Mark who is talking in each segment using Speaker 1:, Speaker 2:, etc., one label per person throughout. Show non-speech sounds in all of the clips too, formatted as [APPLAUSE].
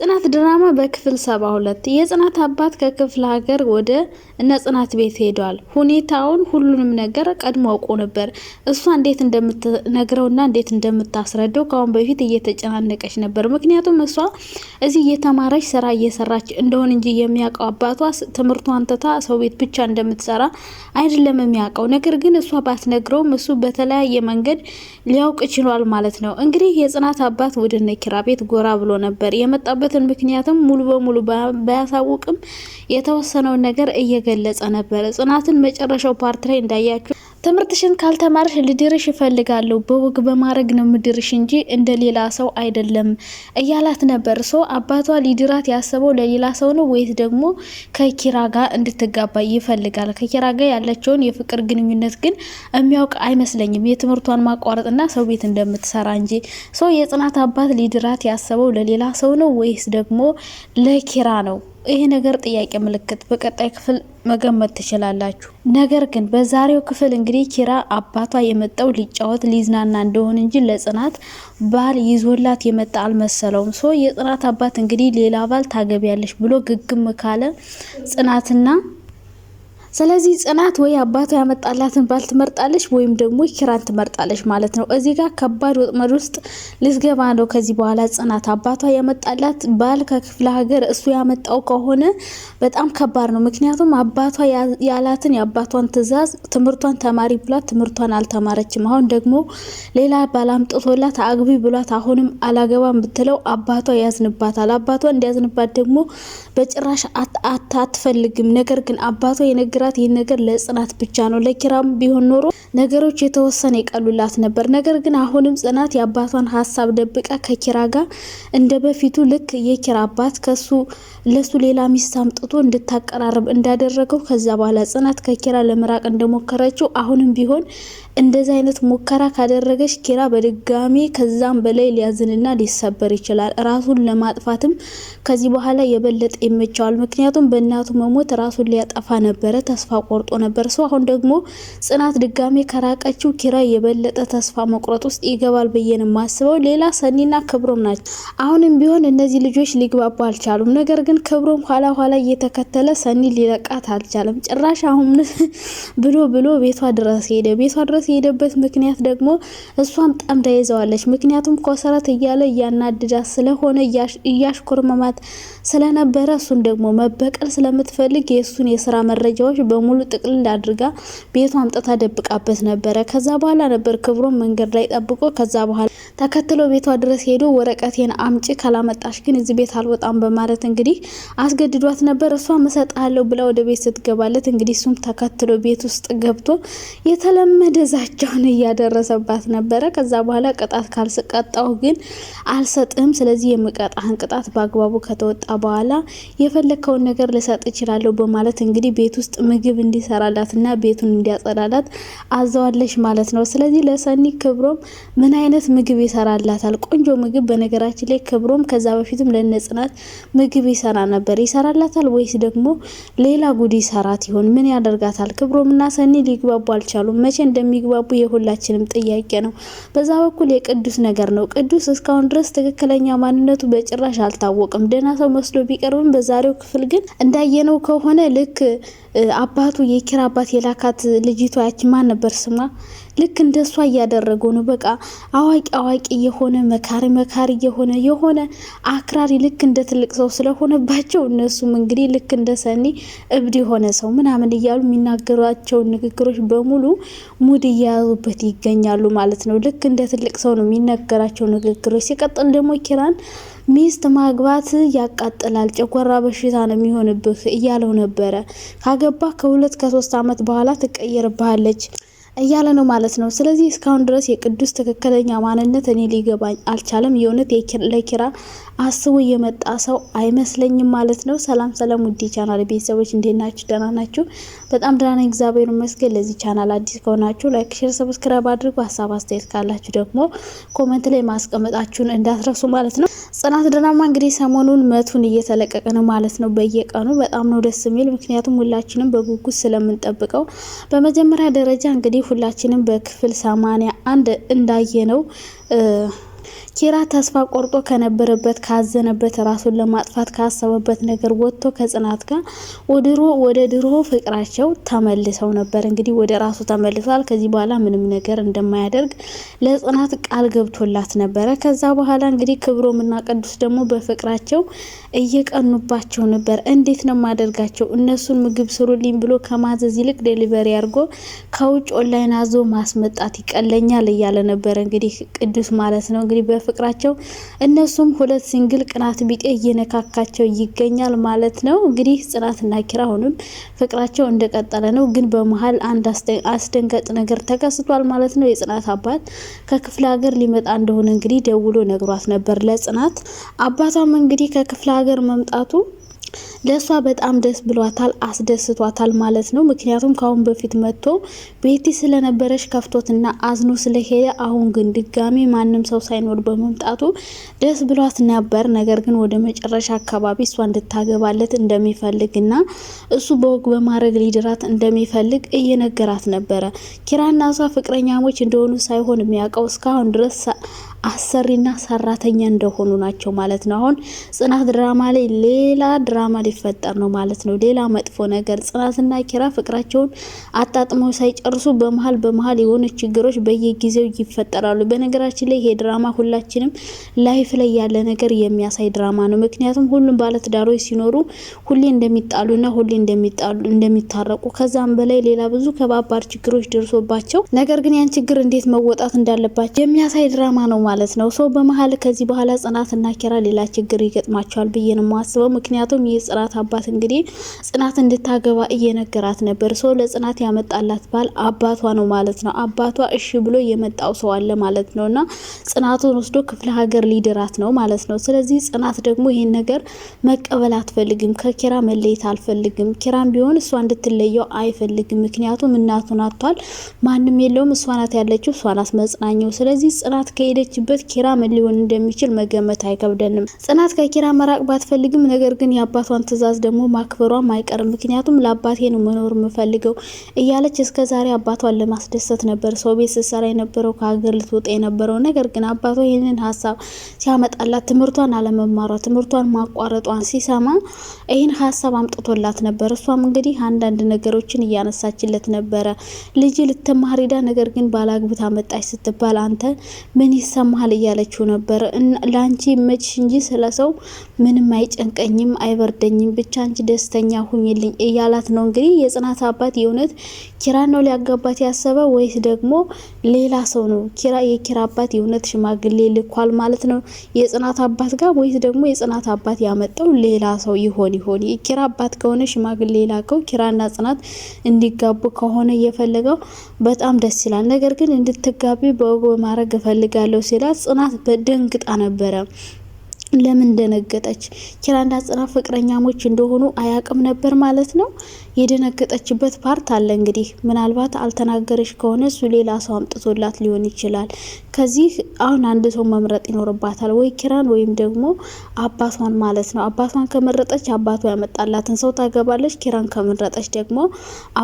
Speaker 1: ጽናት ድራማ በክፍል ሰባ ሁለት የጽናት አባት ከክፍለ ሀገር ወደ እነ ጽናት ቤት ሄዷል። ሁኔታውን ሁሉንም ነገር ቀድሞ አውቆ ነበር። እሷ እንዴት እንደምትነግረውና እንዴት እንደምታስረደው ከአሁን በፊት እየተጨናነቀች ነበር። ምክንያቱም እሷ እዚህ እየተማረች ስራ እየሰራች እንደሆን እንጂ የሚያውቀው አባቷ ትምህርቷን ትታ ሰው ቤት ብቻ እንደምትሰራ አይደለም የሚያውቀው። ነገር ግን እሷ ባትነግረውም እሱ በተለያየ መንገድ ሊያውቅ ችሏል ማለት ነው። እንግዲህ የጽናት አባት ወደ እነ ኪራ ቤት ጎራ ብሎ ነበር የመጣበት ያሉበትን ምክንያትም ሙሉ በሙሉ ባያሳውቅም የተወሰነውን ነገር እየገለጸ ነበረ። ጽናትን መጨረሻው ፓርት ላይ እንዳያችሁ ትምህርትሽን ካልተማርሽ ልድርሽ ይፈልጋለሁ። በወግ በማድረግ ነው ምድርሽ እንጂ እንደ ሌላ ሰው አይደለም እያላት ነበር። ሶ አባቷ ሊድራት ያሰበው ለሌላ ሰው ነው ወይስ ደግሞ ከኪራ ጋር እንድትጋባ ይፈልጋል? ከኪራ ጋር ያለችውን የፍቅር ግንኙነት ግን የሚያውቅ አይመስለኝም። የትምህርቷን ማቋረጥና ሰው ቤት እንደምትሰራ እንጂ ሶ የጽናት አባት ሊድራት ያሰበው ለሌላ ሰው ነው ወይስ ደግሞ ለኪራ ነው? ይሄ ነገር ጥያቄ ምልክት በቀጣይ ክፍል መገመት ትችላላችሁ። ነገር ግን በዛሬው ክፍል እንግዲህ ኪራ አባቷ የመጣው ሊጫወት ሊዝናና እንደሆን እንጂ ለጽናት ባል ይዞላት የመጣ አልመሰለውም። ሶ የጽናት አባት እንግዲህ ሌላ ባል ታገቢያለሽ ብሎ ግግም ካለ ጽናትና ስለዚህ ጽናት ወይ አባቷ ያመጣላትን ባል ትመርጣለች ወይም ደግሞ ኪራን ትመርጣለች ማለት ነው። እዚህ ጋር ከባድ ወጥመድ ውስጥ ልትገባ ነው። ከዚህ በኋላ ጽናት አባቷ ያመጣላት ባል ከክፍለ ሀገር እሱ ያመጣው ከሆነ በጣም ከባድ ነው። ምክንያቱም አባቷ ያላትን የአባቷን ትዕዛዝ ትምህርቷን ተማሪ ብሏት ትምህርቷን አልተማረችም። አሁን ደግሞ ሌላ ባል አምጥቶላት አግቢ ብሏት አሁንም አላገባም ብትለው አባቷ ያዝንባታል። አባቷ እንዲያዝንባት ደግሞ በጭራሽ አትፈልግም። ነገር ግን አባቷ የነገ ሲነግራት ይህ ነገር ለጽናት ብቻ ነው። ለኪራም ቢሆን ኖሮ ነገሮች የተወሰነ ይቀሉላት ነበር። ነገር ግን አሁንም ጽናት የአባቷን ሀሳብ ደብቃ ከኪራ ጋር እንደ በፊቱ ልክ የኪራ አባት ከሱ ለሱ ሌላ ሚስት አምጥቶ እንድታቀራርብ እንዳደረገው ከዛ በኋላ ጽናት ከኪራ ለመራቅ እንደሞከረችው አሁንም ቢሆን እንደዚህ አይነት ሙከራ ካደረገች ኪራ በድጋሚ ከዛም በላይ ሊያዝንና ሊሰበር ይችላል። ራሱን ለማጥፋትም ከዚህ በኋላ የበለጠ ይመቸዋል። ምክንያቱም በእናቱ መሞት ራሱን ሊያጠፋ ነበረ። ተስፋ ቆርጦ ነበር። ሰው አሁን ደግሞ ጽናት ድጋሜ ከራቀችው ኪራ የበለጠ ተስፋ መቁረጥ ውስጥ ይገባል ብዬ ነው የማስበው። ሌላ ሰኒና ክብሮም ናቸው። አሁንም ቢሆን እነዚህ ልጆች ሊግባቡ አልቻሉም። ነገር ግን ክብሮም ኋላ ኋላ እየተከተለ ሰኒ ሊለቃት አልቻለም። ጭራሽ አሁን [LAUGHS] ብሎ ብሎ ቤቷ ድረስ ሄደ። ቤቷ ድረስ የሄደበት ምክንያት ደግሞ እሷም ጠምዳ ይዘዋለች። ምክንያቱም ኮሰረት እያለ እያናድዳት ስለሆነ እያሽኮርመማት ስለነበረ እሱን ደግሞ መበቀል ስለምትፈልግ የእሱን የስራ መረጃዎች ሰዎች በሙሉ ጥቅልል አድርጋ ቤቷ አምጥታ ደብቃበት ነበረ። ከዛ በኋላ ነበር ክብሮም መንገድ ላይ ጠብቆ ከዛ በኋላ ተከትሎ ቤቷ ድረስ ሄዶ ወረቀቴን አምጪ ካላመጣሽ ግን እዚህ ቤት አልወጣም በማለት እንግዲህ አስገድዷት ነበር። እሷ መሰጣለው ብላ ወደ ቤት ስትገባለት እንግዲህ እሱም ተከትሎ ቤት ውስጥ ገብቶ የተለመደ ዛቻውን እያደረሰባት ነበረ። ከዛ በኋላ ቅጣት ካልስቀጣው ግን አልሰጥህም፣ ስለዚህ የምቀጣህን ቅጣት በአግባቡ ከተወጣ በኋላ የፈለግከውን ነገር ልሰጥ እችላለሁ በማለት እንግዲህ ቤት ውስጥ ምግብ እንዲሰራላት እና ቤቱን እንዲያጸዳላት አዘዋለች ማለት ነው። ስለዚህ ለሰኒ ክብሮም ምን አይነት ምግብ ይሰራላታል? ቆንጆ ምግብ። በነገራችን ላይ ክብሮም ከዛ በፊትም ለነጽናት ምግብ ይሰራ ነበር። ይሰራላታል ወይስ ደግሞ ሌላ ጉድ ይሰራት ይሆን? ምን ያደርጋታል? ክብሮም እና ሰኒ ሊግባቡ አልቻሉም። መቼ እንደሚግባቡ የሁላችንም ጥያቄ ነው። በዛ በኩል የቅዱስ ነገር ነው። ቅዱስ እስካሁን ድረስ ትክክለኛ ማንነቱ በጭራሽ አልታወቅም። ደህና ሰው መስሎ ቢቀርብም በዛሬው ክፍል ግን እንዳየነው ከሆነ ልክ አባቱ የኪራ አባት የላካት ልጅቷ ያች ማን ነበር ስሟ? ልክ እንደሷ እያደረገው ነው። በቃ አዋቂ አዋቂ የሆነ መካሪ መካሪ የሆነ የሆነ አክራሪ ልክ እንደ ትልቅ ሰው ስለሆነባቸው እነሱም እንግዲህ ልክ እንደ ሰኒ እብድ የሆነ ሰው ምናምን እያሉ የሚናገሯቸውን ንግግሮች በሙሉ ሙድ እየያዙበት ይገኛሉ ማለት ነው። ልክ እንደ ትልቅ ሰው ነው የሚነገራቸው ንግግሮች። ሲቀጥል ደግሞ ኪራን ሚስት ማግባት ያቃጥላል፣ ጨጓራ በሽታ ነው የሚሆንብህ እያለው ነበረ። ካገባህ ከሁለት ከሶስት አመት በኋላ ትቀየርብሃለች። እያለ ነው ማለት ነው። ስለዚህ እስካሁን ድረስ የቅዱስ ትክክለኛ ማንነት እኔ ሊገባኝ አልቻለም። የእውነት ለኪራ አስቦ የመጣ ሰው አይመስለኝም ማለት ነው። ሰላም ሰላም፣ ውድ ቻናል ቤተሰቦች እንዴት ናችሁ? ደህና ናችሁ? በጣም ደህና ነኝ፣ እግዚአብሔር ይመስገን። ለዚህ ቻናል አዲስ ከሆናችሁ ላይክ፣ ሼር፣ ሰብስክራይብ አድርጉ። ሀሳብ አስተያየት ካላችሁ ደግሞ ኮመንት ላይ ማስቀመጣችሁን እንዳትረሱ ማለት ነው። ጽናት ድራማ እንግዲህ ሰሞኑን መቱን እየተለቀቀ ነው ማለት ነው። በየቀኑ በጣም ነው ደስ የሚል፣ ምክንያቱም ሁላችንም በጉጉት ስለምንጠብቀው በመጀመሪያ ደረጃ እንግዲህ ሁላችንም በክፍል ሰማንያ አንድ እንዳየነው ኪራ ተስፋ ቆርጦ ከነበረበት ካዘነበት ራሱን ለማጥፋት ካሰበበት ነገር ወጥቶ ከጽናት ጋር ወድሮ ወደ ድሮ ፍቅራቸው ተመልሰው ነበር። እንግዲህ ወደ ራሱ ተመልሷል። ከዚህ በኋላ ምንም ነገር እንደማያደርግ ለጽናት ቃል ገብቶላት ነበረ። ከዛ በኋላ እንግዲህ እና ቅዱስ ደግሞ በፍቅራቸው እየቀኑባቸው ነበር። እንዴት ነው ማደርጋቸው? እነሱን ምግብ ስሩልኝ ብሎ ከማዘዝ ይልቅ ዴሊቨሪ አድርጎ ከውጭ ኦንላይን አዞ ማስመጣት ይቀለኛል እያለ ነበረ እንግዲህ ቅዱስ ማለት ነው እንግዲህ እንግዲህ በፍቅራቸው እነሱም ሁለት ሲንግል ቅናት ቢጤ እየነካካቸው ይገኛል ማለት ነው። እንግዲህ ጽናትና ኪራ አሁንም ፍቅራቸው እንደቀጠለ ነው። ግን በመሀል አንድ አስደንጋጭ ነገር ተከስቷል ማለት ነው። የጽናት አባት ከክፍለ ሀገር ሊመጣ እንደሆነ እንግዲህ ደውሎ ነግሯት ነበር ለጽናት አባቷም እንግዲህ ከክፍለ ሀገር መምጣቱ ለእሷ በጣም ደስ ብሏታል፣ አስደስቷታል ማለት ነው። ምክንያቱም ከአሁን በፊት መጥቶ ቤቲ ስለነበረች ከፍቶትና አዝኖ ስለሄደ፣ አሁን ግን ድጋሚ ማንም ሰው ሳይኖር በመምጣቱ ደስ ብሏት ነበር። ነገር ግን ወደ መጨረሻ አካባቢ እሷ እንድታገባለት እንደሚፈልግና እሱ በወግ በማድረግ ሊድራት እንደሚፈልግ እየነገራት ነበረ። ኪራና እሷ ፍቅረኛሞች እንደሆኑ ሳይሆን የሚያውቀው እስካሁን ድረስ አሰሪና ሰራተኛ እንደሆኑ ናቸው ማለት ነው። አሁን ጽናት ድራማ ላይ ሌላ ድራማ ሊፈጠር ነው ማለት ነው። ሌላ መጥፎ ነገር ጽናትና ኪራ ፍቅራቸውን አጣጥመው ሳይጨርሱ በመሀል በመሀል የሆነ ችግሮች በየጊዜው ይፈጠራሉ። በነገራችን ላይ ይሄ ድራማ ሁላችንም ላይፍ ላይ ያለ ነገር የሚያሳይ ድራማ ነው። ምክንያቱም ሁሉም ባለትዳሮች ሲኖሩ ሁሌ እንደሚጣሉና ሁሌ እንደሚታረቁ ከዛም በላይ ሌላ ብዙ ከባባድ ችግሮች ደርሶባቸው ነገር ግን ያን ችግር እንዴት መወጣት እንዳለባቸው የሚያሳይ ድራማ ነው። ማለት ነው። ሰው በመሀል ከዚህ በኋላ ጽናት እና ኪራ ሌላ ችግር ይገጥማቸዋል ብዬ ነው የማስበው። ምክንያቱም ይህ ጽናት አባት እንግዲህ ጽናት እንድታገባ እየነገራት ነበር። ሰው ለጽናት ያመጣላት ባል አባቷ ነው ማለት ነው። አባቷ እሺ ብሎ የመጣው ሰው አለ ማለት ነው እና ጽናቱን ወስዶ ክፍለ ሀገር ሊድራት ነው ማለት ነው። ስለዚህ ጽናት ደግሞ ይህን ነገር መቀበል አትፈልግም። ከኪራ መለየት አልፈልግም። ኪራም ቢሆን እሷ እንድትለየው አይፈልግም። ምክንያቱም እናቱን አጥቷል። ማንም የለውም። እሷ ናት ያለችው፣ እሷ ናት መጽናኛው። ስለዚህ ጽናት ከሄደች የደረሰችበት ኪራ ምን ሊሆን እንደሚችል መገመት አይከብደንም። ጽናት ከኪራ መራቅ ባትፈልግም፣ ነገር ግን የአባቷን ትዕዛዝ ደግሞ ማክበሯም አይቀርም። ምክንያቱም ለአባቴ ነው መኖር የምፈልገው እያለች እስከ ዛሬ አባቷን ለማስደሰት ነበር ሰው ቤት ስትሰራ የነበረው ከሀገር ልትወጣ የነበረው። ነገር ግን አባቷ ይህንን ሀሳብ ሲያመጣላት ትምህርቷን አለመማሯ ትምህርቷን ማቋረጧን ሲሰማ ይህን ሀሳብ አምጥቶላት ነበር። እሷም እንግዲህ አንዳንድ ነገሮችን እያነሳችለት ነበረ። ልጅ ልትማር ሄዳ ነገር ግን ባላግብታ መጣች ስትባል አንተ ምን ይሰማ ያማሃል እያለችው ነበር። ለአንቺ መችሽ እንጂ ስለ ሰው ምንም አይጨንቀኝም፣ አይበርደኝም፣ ብቻ አንቺ ደስተኛ ሁኝልኝ እያላት ነው። እንግዲህ የጽናት አባት የእውነት ኪራ ነው ሊያጋባት ያሰበ ወይስ ደግሞ ሌላ ሰው ነው? ኪራ የኪራ አባት የእውነት ሽማግሌ ልኳል ማለት ነው የጽናት አባት ጋር ወይስ ደግሞ የጽናት አባት ያመጣው ሌላ ሰው ይሆን ይሆን? የኪራ አባት ከሆነ ሽማግሌ ላከው ኪራና ጽናት እንዲጋቡ ከሆነ እየፈለገው በጣም ደስ ይላል። ነገር ግን እንድትጋቢ በወግ በማድረግ እፈልጋለሁ ሲላት ጽናት በደንግጣ ነበረ። ለምን ደነገጠች? ኪራና ጽናት ፍቅረኛሞች እንደሆኑ አያውቅም ነበር ማለት ነው። የደነገጠችበት ፓርት አለ። እንግዲህ ምናልባት አልተናገረች ከሆነ እሱ ሌላ ሰው አምጥቶላት ሊሆን ይችላል። ከዚህ አሁን አንድ ሰው መምረጥ ይኖርባታል፣ ወይ ኪራን ወይም ደግሞ አባቷን ማለት ነው። አባቷን ከመረጠች አባቷ ያመጣላትን ሰው ታገባለች። ኪራን ከመረጠች ደግሞ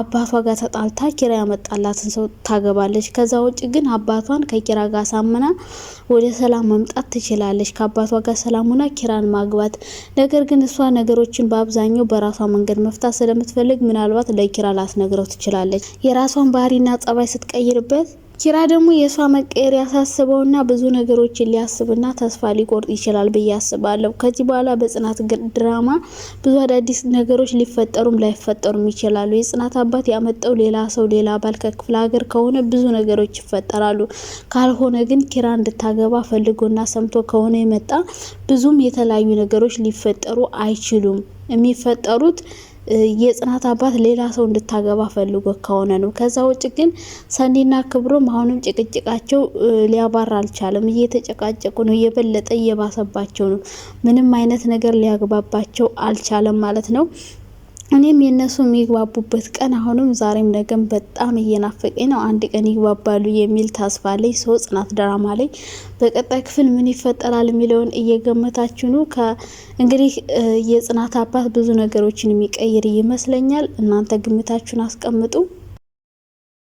Speaker 1: አባቷ ጋር ተጣልታ ኪራ ያመጣላትን ሰው ታገባለች። ከዛ ውጭ ግን አባቷን ከኪራ ጋር ሳምና ወደ ሰላም መምጣት ትችላለች። ከአባቷ ጋር ሰላም ሆና ኪራን ማግባት። ነገር ግን እሷ ነገሮችን በአብዛኛው በራሷ መንገድ መፍታት ስለምትፈልግ ምናልባት ለኪራ ላስነግረው ትችላለች። የራሷን ባህሪና ጸባይ ስትቀይርበት ኪራ ደግሞ የእሷ መቀየር ያሳስበውና ብዙ ነገሮችን ሊያስብና ተስፋ ሊቆርጥ ይችላል ብዬ አስባለሁ። ከዚህ በኋላ በጽናት ድራማ ብዙ አዳዲስ ነገሮች ሊፈጠሩም ላይፈጠሩም ይችላሉ። የጽናት አባት ያመጣው ሌላ ሰው ሌላ ባል ከክፍለ ሀገር ከሆነ ብዙ ነገሮች ይፈጠራሉ። ካልሆነ ግን ኪራ እንድታገባ ፈልጎና ሰምቶ ከሆነ የመጣ ብዙም የተለያዩ ነገሮች ሊፈጠሩ አይችሉም። የሚፈጠሩት የጽናት አባት ሌላ ሰው እንድታገባ ፈልጎ ከሆነ ነው። ከዛ ውጭ ግን ሰኒና ክብሮም አሁንም ጭቅጭቃቸው ሊያባራ አልቻለም። እየተጨቃጨቁ ነው፣ እየበለጠ እየባሰባቸው ነው። ምንም አይነት ነገር ሊያግባባቸው አልቻለም ማለት ነው። እኔም የእነሱ የሚግባቡበት ቀን አሁንም ዛሬም ነገም በጣም እየናፈቀኝ ነው። አንድ ቀን ይግባባሉ የሚል ተስፋ ላይ ሰው ጽናት ድራማ ላይ በቀጣይ ክፍል ምን ይፈጠራል የሚለውን እየገመታችሁ ነው። እንግዲህ የጽናት አባት ብዙ ነገሮችን የሚቀይር ይመስለኛል። እናንተ ግምታችሁን አስቀምጡ።